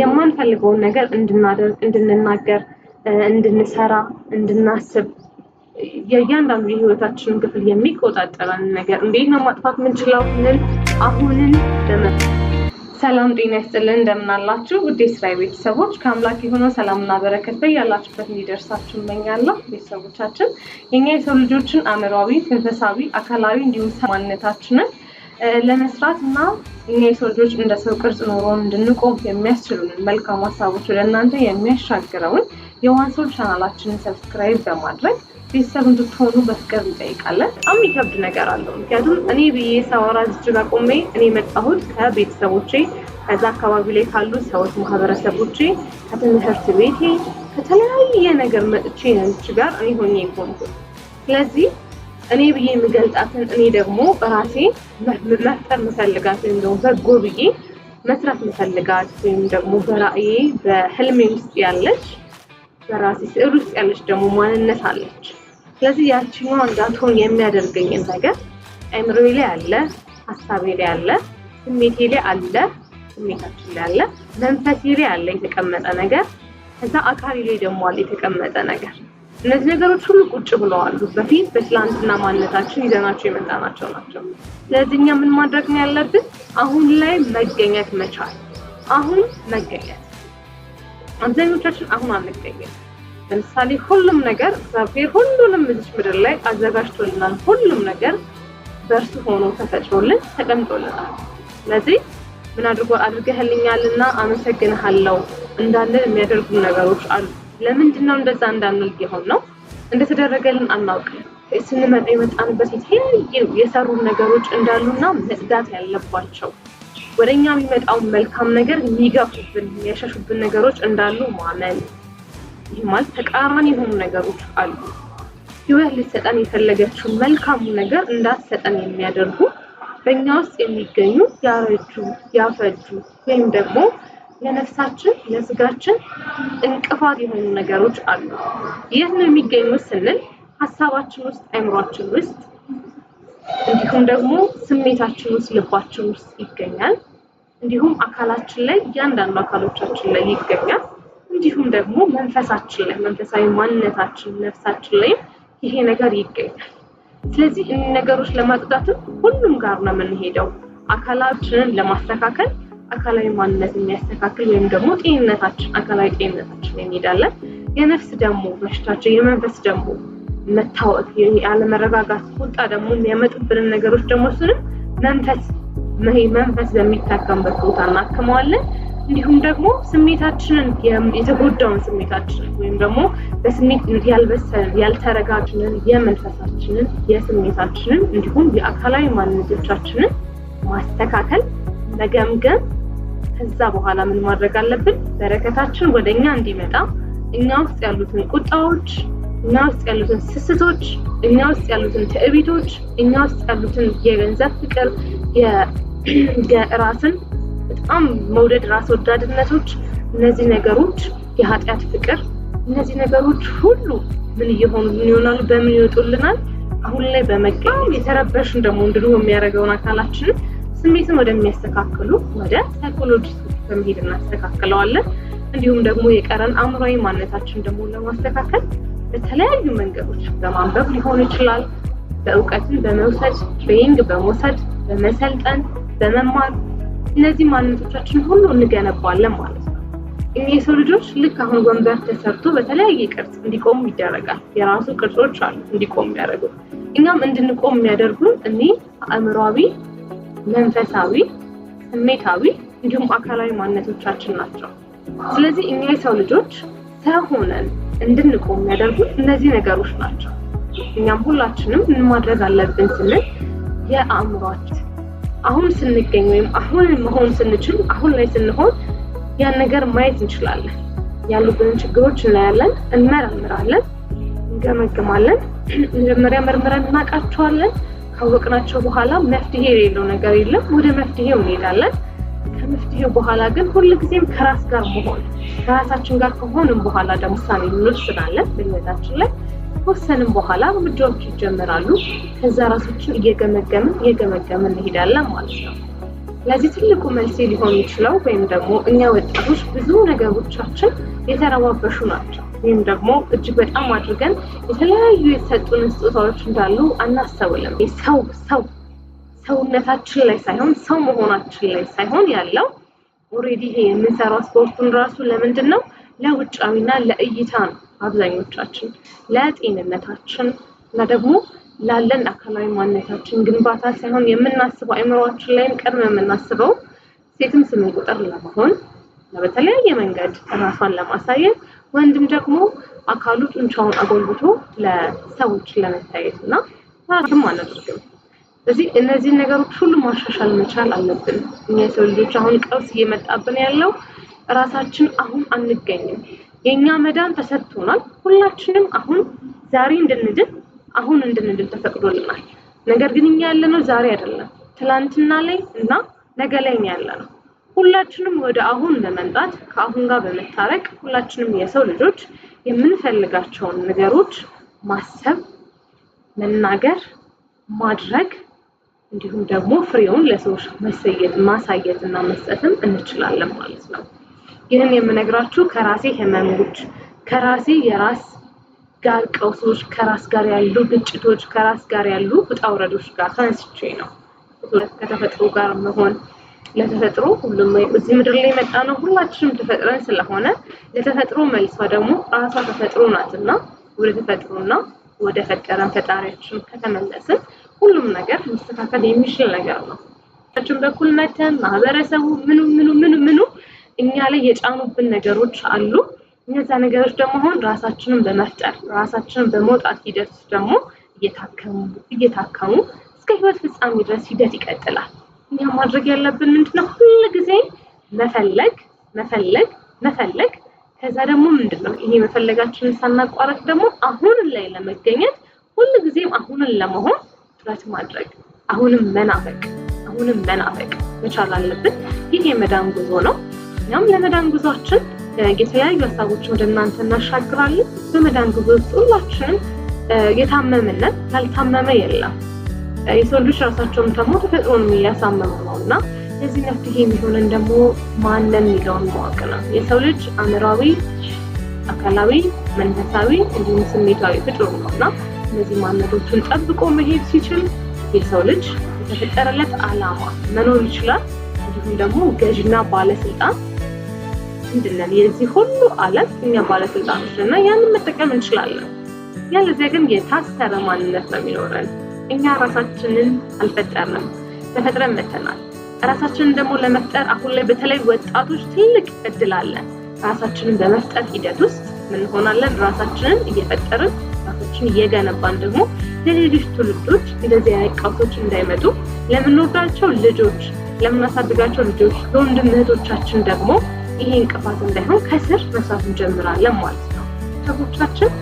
የማንፈልገውን ነገር እንድናደርግ፣ እንድንናገር፣ እንድንሰራ፣ እንድናስብ የእያንዳንዱ የህይወታችንን ክፍል የሚቆጣጠረን ነገር እንዴት ነው ማጥፋት ምንችለው? ምን አሁንን በመ ሰላም ጤና ይስጥልን። እንደምናላችሁ ውድ የእስራኤል ቤተሰቦች ከአምላክ የሆነው ሰላምና በረከት በያላችሁበት እንዲደርሳችሁ እመኛለሁ። ቤተሰቦቻችን የኛ የሰው ልጆችን አእምሯዊ፣ መንፈሳዊ፣ አካላዊ እንዲሁም ማንነታችንን ለመስራት እና እኛ የሰው ልጆች እንደ ሰው ቅርጽ ኖሮ እንድንቆም የሚያስችሉንን መልካም ሀሳቦች ወደ እናንተ የሚያሻግረውን የዋንሶል ቻናላችንን ሰብስክራይብ በማድረግ ቤተሰብ እንድትሆኑ በፍቅር እንጠይቃለን። በጣም የሚከብድ ነገር አለው። ምክንያቱም እኔ ብዬ ሳወራ ዝች ጋር ቆሜ እኔ መጣሁት ከቤተሰቦቼ ከዛ አካባቢ ላይ ካሉ ሰዎች ማህበረሰቦቼ፣ ከትምህርት ቤቴ ከተለያየ ነገር መጥቼ ነች ጋር እኔ ሆኜ ስለዚህ እኔ ብዬ የምገልጣትን እኔ ደግሞ በራሴ መፍጠር ምፈልጋት ወይም ደግሞ በጎ ብዬ መስራት መፈልጋት ወይም ደግሞ በራእዬ በህልሜ ውስጥ ያለች በራሴ ስዕል ውስጥ ያለች ደግሞ ማንነት አለች። ስለዚህ ያችኛዋ እንዳትሆን የሚያደርገኝን ነገር አይምሮ ላይ አለ፣ ሀሳቤ ላይ አለ፣ ስሜቴ ላይ አለ፣ ስሜታችን ላይ አለ፣ መንፈሴ ላይ አለ የተቀመጠ ነገር። ከዛ አካሌ ላይ ደግሞ አለ የተቀመጠ ነገር እነዚህ ነገሮች ሁሉ ቁጭ ብለዋል በፊት በትላንትና ማንነታችን ይዘናቸው የመጣናቸው ናቸው። ስለዚህ እኛ ምን ማድረግ ነው ያለብን? አሁን ላይ መገኘት መቻል። አሁን መገኘት አብዛኞቻችን አሁን አንገኘት። ለምሳሌ ሁሉም ነገር እግዚአብሔር ሁሉንም እዚች ምድር ላይ አዘጋጅቶልናል። ሁሉም ነገር በእርሱ ሆኖ ተፈጭሮልን ተቀምጦልናል። ስለዚህ ምን አድርጎ አድርገህልኛልና አመሰግንሃለው እንዳለን የሚያደርጉ ነገሮች አሉ። ለምንድን ነው እንደዛ እንዳንል የሆን ነው እንደተደረገልን አናውቅም። ስንመጣ የመጣንበት የተለያየ የሰሩ ነገሮች እንዳሉና መጽዳት ያለባቸው ወደ እኛ የሚመጣውን መልካም ነገር የሚገፉብን የሚያሸሹብን ነገሮች እንዳሉ ማመን። ይህ ማለት ተቃራኒ የሆኑ ነገሮች አሉ። ህይወት ልትሰጠን የፈለገችው መልካሙ ነገር እንዳትሰጠን የሚያደርጉ በእኛ ውስጥ የሚገኙ ያረጁ፣ ያፈጁ ወይም ደግሞ ለነፍሳችን ለስጋችን እንቅፋት የሆኑ ነገሮች አሉ። ይህ ነው ስንል ሀሳባችን ውስጥ አይምሯችን ውስጥ እንዲሁም ደግሞ ስሜታችን ውስጥ ልባችን ውስጥ ይገኛል። እንዲሁም አካላችን ላይ እያንዳንዱ አካሎቻችን ላይ ይገኛል። እንዲሁም ደግሞ መንፈሳችን ላይ መንፈሳዊ ማንነታችን ነፍሳችን ላይም ይሄ ነገር ይገኛል። ስለዚህ እኒ ነገሮች ለማጽዳትም ሁሉም ጋር ነው የምንሄደው አካላችንን ለማስተካከል አካላዊ ማንነት የሚያስተካክል ወይም ደግሞ ጤንነታችን አካላዊ ጤንነታችን እንሄዳለን። የነፍስ ደግሞ በሽታቸው የመንፈስ ደግሞ መታወቅ ያለመረጋጋት፣ ቁጣ ደግሞ የሚያመጡብንን ነገሮች ደግሞ እሱንም መንፈስ መንፈስ በሚታከምበት ቦታ እናክመዋለን። እንዲሁም ደግሞ ስሜታችንን የተጎዳውን ስሜታችንን ወይም ደግሞ በስሜት ያልበሰልን ያልተረጋችንን የመንፈሳችንን የስሜታችንን እንዲሁም የአካላዊ ማንነቶቻችንን ማስተካከል መገምገም፣ ከዛ በኋላ ምን ማድረግ አለብን? በረከታችን ወደ እኛ እንዲመጣ እኛ ውስጥ ያሉትን ቁጣዎች፣ እኛ ውስጥ ያሉትን ስስቶች፣ እኛ ውስጥ ያሉትን ትዕቢቶች፣ እኛ ውስጥ ያሉትን የገንዘብ ፍቅር፣ የራስን በጣም መውደድ፣ ራስ ወዳድነቶች፣ እነዚህ ነገሮች፣ የኃጢአት ፍቅር፣ እነዚህ ነገሮች ሁሉ ምን እየሆኑ ምን ይሆናሉ? በምን ይወጡልናል? አሁን ላይ በመገኘት የተረበሽን ደግሞ እንድሉ የሚያደርገውን አካላችንን ስሜትን ወደሚያስተካክሉ ወደ ሳይኮሎጂስት በመሄድ እናስተካክለዋለን። እንዲሁም ደግሞ የቀረን አእምሯዊ ማንነታችን ደግሞ ለማስተካከል በተለያዩ መንገዶች በማንበብ ሊሆን ይችላል፣ በእውቀትን በመውሰድ ትሬኒንግ በመውሰድ በመሰልጠን በመማር እነዚህ ማንነቶቻችን ሁሉ እንገነባለን ማለት ነው። እኛ የሰው ልጆች ልክ አሁን ወንበር ተሰርቶ በተለያየ ቅርጽ እንዲቆሙ ይደረጋል። የራሱ ቅርጾች አሉ እንዲቆሙ ያደረጉ እኛም እንድንቆም የሚያደርጉን እኔ አእምሯዊ መንፈሳዊ፣ ስሜታዊ እንዲሁም አካላዊ ማንነቶቻችን ናቸው። ስለዚህ እኛ የሰው ልጆች ሰው ሆነን እንድንቆም የሚያደርጉት እነዚህ ነገሮች ናቸው። እኛም ሁላችንም ምን ማድረግ አለብን ስንል የአእምሯችን አሁን ስንገኝ ወይም አሁን መሆን ስንችል አሁን ላይ ስንሆን ያን ነገር ማየት እንችላለን። ያሉብንን ችግሮች እናያለን፣ እንመረምራለን፣ እንገመግማለን። መጀመሪያ መርምረን እናውቃቸዋለን። ካወቅናቸው በኋላ መፍትሄ የሌለው ነገር የለም። ወደ መፍትሄው እንሄዳለን። ከመፍትሄው በኋላ ግን ሁልጊዜም ከራስ ጋር መሆን ከራሳችን ጋር ከሆንም በኋላ ደግሞ ውሳኔ እንወስናለን በህይወታችን ላይ ከወሰንም በኋላ እርምጃዎች ይጀምራሉ። ከዛ ራሳችን እየገመገምን እየገመገምን እንሄዳለን ማለት ነው። ለዚህ ትልቁ መልሴ ሊሆን ይችለው ወይም ደግሞ እኛ ወጣቶች ብዙ ነገሮቻችን የተረባበሹ ናቸው። ወይም ደግሞ እጅግ በጣም አድርገን የተለያዩ የተሰጡን ስጦታዎች እንዳሉ አናስተውልም። ሰው ሰው ሰውነታችን ላይ ሳይሆን ሰው መሆናችን ላይ ሳይሆን ያለው ኦልሬዲ ይሄ የምንሰራው ስፖርቱን ራሱ ለምንድን ነው ለውጫዊና ለእይታ ነው። አብዛኞቻችን ለጤንነታችን እና ደግሞ ላለን አካላዊ ማንነታችን ግንባታ ሳይሆን የምናስበው አይምሯችን ላይም ቀድመ የምናስበው ሴትም ስምን ቁጥር ለመሆን በተለያየ መንገድ ራሷን ለማሳየት ወንድም ደግሞ አካሉ ጡንቻውን አጎልብቶ ለሰዎች ለመታየት እና ራሱም አናደርግም። ስለዚህ እነዚህን ነገሮች ሁሉ ማሻሻል መቻል አለብን። እኛ የሰው ልጆች አሁን ቀውስ እየመጣብን ያለው እራሳችን አሁን አንገኝም። የእኛ መዳን ተሰጥቶናል። ሁላችንም አሁን ዛሬ እንድንድን አሁን እንድንድን ተፈቅዶልናል። ነገር ግን እኛ ያለነው ዛሬ አይደለም፣ ትላንትና ላይ እና ነገ ላይ ያለ ነው። ሁላችንም ወደ አሁን በመምጣት ከአሁን ጋር በመታረቅ ሁላችንም የሰው ልጆች የምንፈልጋቸውን ነገሮች ማሰብ፣ መናገር፣ ማድረግ እንዲሁም ደግሞ ፍሬውን ለሰዎች መሰየት ማሳየት እና መስጠትም እንችላለን ማለት ነው። ይህን የምነግራችሁ ከራሴ ህመሞች፣ ከራሴ የራስ ጋር ቀውሶች፣ ከራስ ጋር ያሉ ግጭቶች፣ ከራስ ጋር ያሉ ውጣ ውረዶች ጋር ተነስቼ ነው። ከተፈጥሮ ጋር መሆን ለተፈጥሮ ሁሉም እዚህ ምድር ላይ የመጣ ነው ሁላችንም ተፈጥረን ስለሆነ ለተፈጥሮ መልሷ ደግሞ ራሷ ተፈጥሮ ናትና ወደ ተፈጥሮና ወደ ፈጠረን ፈጣሪያችን ከተመለስን ሁሉም ነገር መስተካከል የሚችል ነገር ነው። ችን በኩል መተን ማህበረሰቡ ምኑ ምኑ ምኑ ምኑ እኛ ላይ የጫኑብን ነገሮች አሉ። እነዛ ነገሮች ደግሞ አሁን ራሳችንን በመፍጠር ራሳችንን በመውጣት ሂደት ደግሞ እየታከሙ እየታከሙ እስከ ህይወት ፍጻሜ ድረስ ሂደት ይቀጥላል። እኛ ማድረግ ያለብን ምንድነው? ሁል ጊዜ መፈለግ መፈለግ መፈለግ ከዛ ደግሞ ምንድነው ይሄ መፈለጋችንን ሳናቋረጥ ደግሞ አሁንን ላይ ለመገኘት ሁል ጊዜም አሁንን ለመሆን ጥረት ማድረግ አሁንም መናፈቅ አሁንም መናፈቅ መቻል አለብን። ይህ የመዳን ጉዞ ነው። እኛም ለመዳን ጉዟችን የተለያዩ ሀሳቦች ወደ እናንተ እናሻግራለን። በመዳን ጉዞ ውስጥ ሁላችንም የታመምነት ያልታመመ የለም። የሰው ልጆች ራሳቸውን ተሞ ተፈጥሮን እያሳመሙ ነው እና ለዚህ መፍትሄ የሚሆንን ደግሞ ማንን የሚለውን ማወቅ ነው። የሰው ልጅ አእምሯዊ፣ አካላዊ፣ መንፈሳዊ እንዲሁም ስሜታዊ ፍጡር ነው እና እነዚህ ማንነቶቹን ጠብቆ መሄድ ሲችል የሰው ልጅ የተፈጠረለት ዓላማ መኖር ይችላል። እንዲሁም ደግሞ ገዥና ባለስልጣን ምንድነን የዚህ ሁሉ ዓለም እኛ ባለስልጣኖች እና ያንን መጠቀም እንችላለን። ያለዚያ ግን የታሰረ ማንነት ነው የሚኖረን። እኛ ራሳችንን አልፈጠርንም፣ ተፈጥረን መተናል። ራሳችንን ደግሞ ለመፍጠር አሁን ላይ በተለይ ወጣቶች ትልቅ እድል አለን። ራሳችንን በመፍጠር ሂደት ውስጥ ምንሆናለን ራሳችንን እየፈጠርን ራሳችን እየገነባን ደግሞ ለሌሎች ትውልዶች እንደዚህ አይነት ቀውሶች እንዳይመጡ ለምንወዳቸው ልጆች፣ ለምናሳድጋቸው ልጆች፣ ለወንድም እህቶቻችን ደግሞ ይሄ እንቅፋት እንዳይሆን ከስር መስራት እንጀምራለን ማለት ነው ሰቦቻችን